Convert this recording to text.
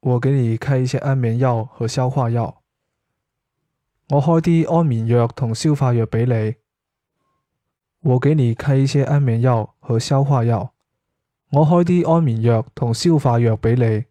我給你開一些安眠藥和消化藥。我開啲安眠藥同消化藥俾你。我給你開一些安眠藥和消化藥。我開啲安眠藥同消化藥俾你。